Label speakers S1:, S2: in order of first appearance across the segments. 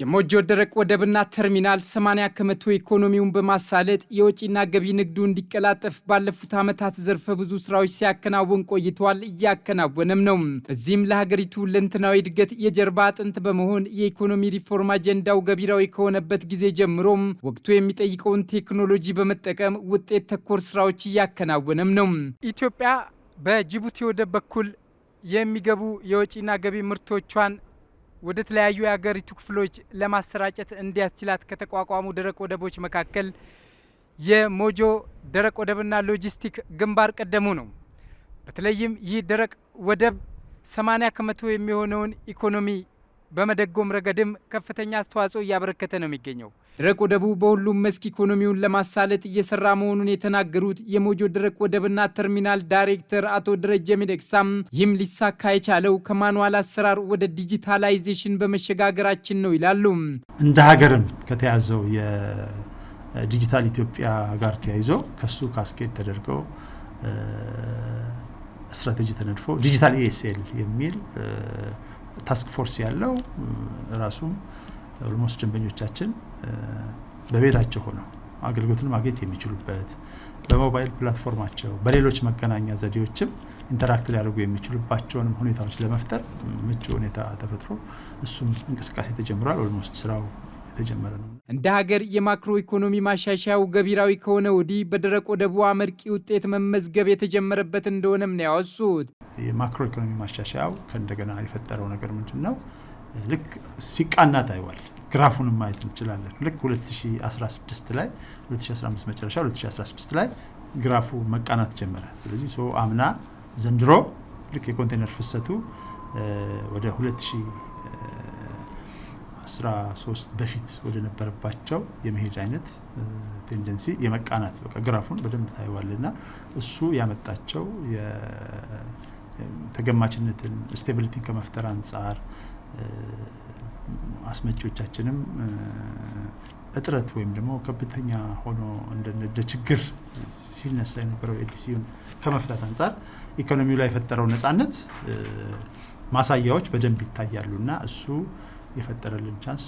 S1: የሞጆ ደረቅ ወደብና ተርሚናል 80 ከመቶ ኢኮኖሚውን በማሳለጥ የወጪና ገቢ ንግዱ እንዲቀላጠፍ ባለፉት ዓመታት ዘርፈ ብዙ ስራዎች ሲያከናውን ቆይተዋል፣ እያከናወነም ነው። በዚህም ለሀገሪቱ ለንትናዊ እድገት የጀርባ አጥንት በመሆን የኢኮኖሚ ሪፎርም አጀንዳው ገቢራዊ ከሆነበት ጊዜ ጀምሮም ወቅቱ የሚጠይቀውን ቴክኖሎጂ በመጠቀም ውጤት ተኮር ስራዎች እያከናወነም ነው።
S2: ኢትዮጵያ በጅቡቲ ወደብ በኩል የሚገቡ የወጪና ገቢ ምርቶቿን ወደ ተለያዩ የሀገሪቱ ክፍሎች ለማሰራጨት እንዲያስችላት ከተቋቋሙ ደረቅ ወደቦች መካከል የሞጆ ደረቅ ወደብና ሎጂስቲክ ግንባር ቀደሙ ነው። በተለይም ይህ ደረቅ ወደብ 80 ከመቶ የሚሆነውን ኢኮኖሚ በመደጎም ረገድም ከፍተኛ አስተዋጽኦ እያበረከተ ነው የሚገኘው።
S1: ደረቅ ወደቡ በሁሉም መስክ ኢኮኖሚውን ለማሳለጥ እየሰራ መሆኑን የተናገሩት የሞጆ ደረቅ ወደብና ተርሚናል ዳይሬክተር አቶ ደረጀ ሚደቅሳም ይህም ሊሳካ የቻለው ከማኑዋል አሰራር ወደ ዲጂታላይዜሽን በመሸጋገራችን ነው ይላሉ።
S3: እንደ ሀገርም ከተያዘው የዲጂታል ኢትዮጵያ ጋር ተያይዞ ከሱ ካስኬድ ተደርገው ስትራቴጂ ተነድፎ ዲጂታል ኢኤስኤል የሚል ታስክ ፎርስ ያለው ራሱም ኦልሞስት ደንበኞቻችን በቤታቸው ሆነው አገልግሎትን ማግኘት የሚችሉበት በሞባይል ፕላትፎርማቸው በሌሎች መገናኛ ዘዴዎችም ኢንተራክት ሊያደርጉ የሚችሉባቸውንም ሁኔታዎች ለመፍጠር ምቹ ሁኔታ ተፈጥሮ እሱም እንቅስቃሴ ተጀምሯል። ኦልሞስት ስራው የተጀመረ ነው።
S1: እንደ ሀገር የማክሮ ኢኮኖሚ ማሻሻያው ገቢራዊ ከሆነ ወዲህ በደረቅ ወደቡ አመርቂ ውጤት መመዝገብ የተጀመረበት እንደሆነም ነው ያወሱት።
S3: የማክሮ ኢኮኖሚ ማሻሻያው ከእንደገና የፈጠረው ነገር ምንድን ነው? ልክ ሲቃና ታይዋል። ግራፉንም ማየት እንችላለን። ልክ 2016 ላይ 2015 መጨረሻ 2016 ላይ ግራፉ መቃናት ጀመረ። ስለዚህ ሰው አምና ዘንድሮ ልክ የኮንቴነር ፍሰቱ ወደ 2000 ሶስት በፊት ወደ ነበረባቸው የመሄድ አይነት ቴንደንሲ የመቃናት በቃ ግራፉን በደንብ ታይዋልና እሱ ያመጣቸው ተገማችነትን ስቴቢሊቲን ከመፍጠር አንጻር አስመጪዎቻችንም እጥረት ወይም ደግሞ ከፍተኛ ሆኖ እንደ ችግር ሲነሳ የነበረው ኤልዲሲን ከመፍታት አንጻር ኢኮኖሚው ላይ የፈጠረው ነጻነት ማሳያዎች በደንብ እና እሱ የፈጠረልን ቻንስ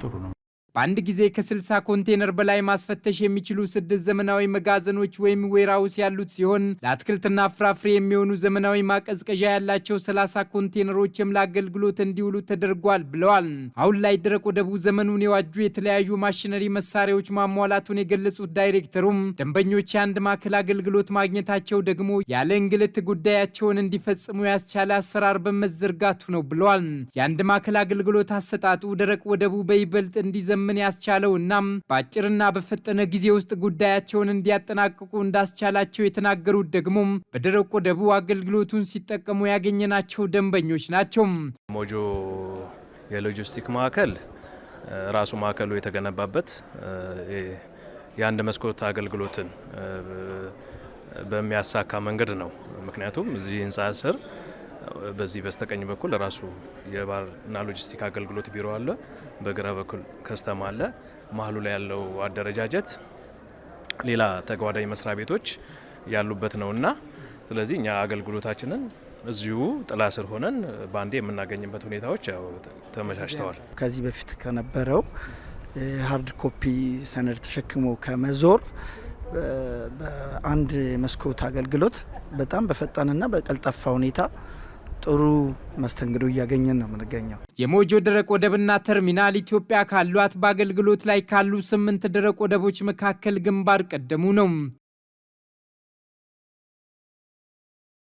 S3: ጥሩ ነው።
S1: በአንድ ጊዜ ከ60 ኮንቴነር በላይ ማስፈተሽ የሚችሉ ስድስት ዘመናዊ መጋዘኖች ወይም ዌራውስ ያሉት ሲሆን ለአትክልትና ፍራፍሬ የሚሆኑ ዘመናዊ ማቀዝቀዣ ያላቸው 30 ኮንቴነሮችም ለአገልግሎት እንዲውሉ ተደርጓል ብለዋል። አሁን ላይ ደረቅ ወደቡ ዘመኑን የዋጁ የተለያዩ ማሽነሪ መሳሪያዎች ማሟላቱን የገለጹት ዳይሬክተሩም ደንበኞች የአንድ ማዕከል አገልግሎት ማግኘታቸው ደግሞ ያለ እንግልት ጉዳያቸውን እንዲፈጽሙ ያስቻለ አሰራር በመዘርጋቱ ነው ብለዋል። የአንድ ማዕከል አገልግሎት አሰጣጡ ደረቅ ወደቡ በይበልጥ እንዲዘ ምን ያስቻለው እና በአጭርና በፈጠነ ጊዜ ውስጥ ጉዳያቸውን እንዲያጠናቅቁ እንዳስቻላቸው የተናገሩት ደግሞ በደረቅ ወደቡ አገልግሎቱን ሲጠቀሙ ያገኘናቸው ደንበኞች ናቸው።
S4: ሞጆ የሎጂስቲክ ማዕከል ራሱ ማዕከሉ የተገነባበት የአንድ መስኮት አገልግሎትን በሚያሳካ መንገድ ነው። ምክንያቱም እዚህ ህንፃ ስር በዚህ በስተቀኝ በኩል ራሱ የባህርና ሎጂስቲክ አገልግሎት ቢሮ አለ፣ በግራ በኩል ከስተማ አለ። መሀሉ ላይ ያለው አደረጃጀት ሌላ ተጓዳኝ መስሪያ ቤቶች ያሉበት እና ስለዚህ እኛ አገልግሎታችንን እዚሁ ጥላ ስር ሆነን በአንዴ የምናገኝበት ሁኔታዎች ተመቻችተዋል።
S5: ከዚህ በፊት ከነበረው ሀርድ ኮፒ ሰነድ ተሸክሞ ከመዞር በአንድ መስኮት አገልግሎት በጣም በፈጣንና በቀልጣፋ ሁኔታ ጥሩ መስተንግዶ እያገኘን ነው የምንገኘው።
S1: የሞጆ ደረቅ ወደብና ተርሚናል ኢትዮጵያ ካሏት በአገልግሎት ላይ ካሉ ስምንት ደረቅ ወደቦች መካከል ግንባር ቀደሙ ነው።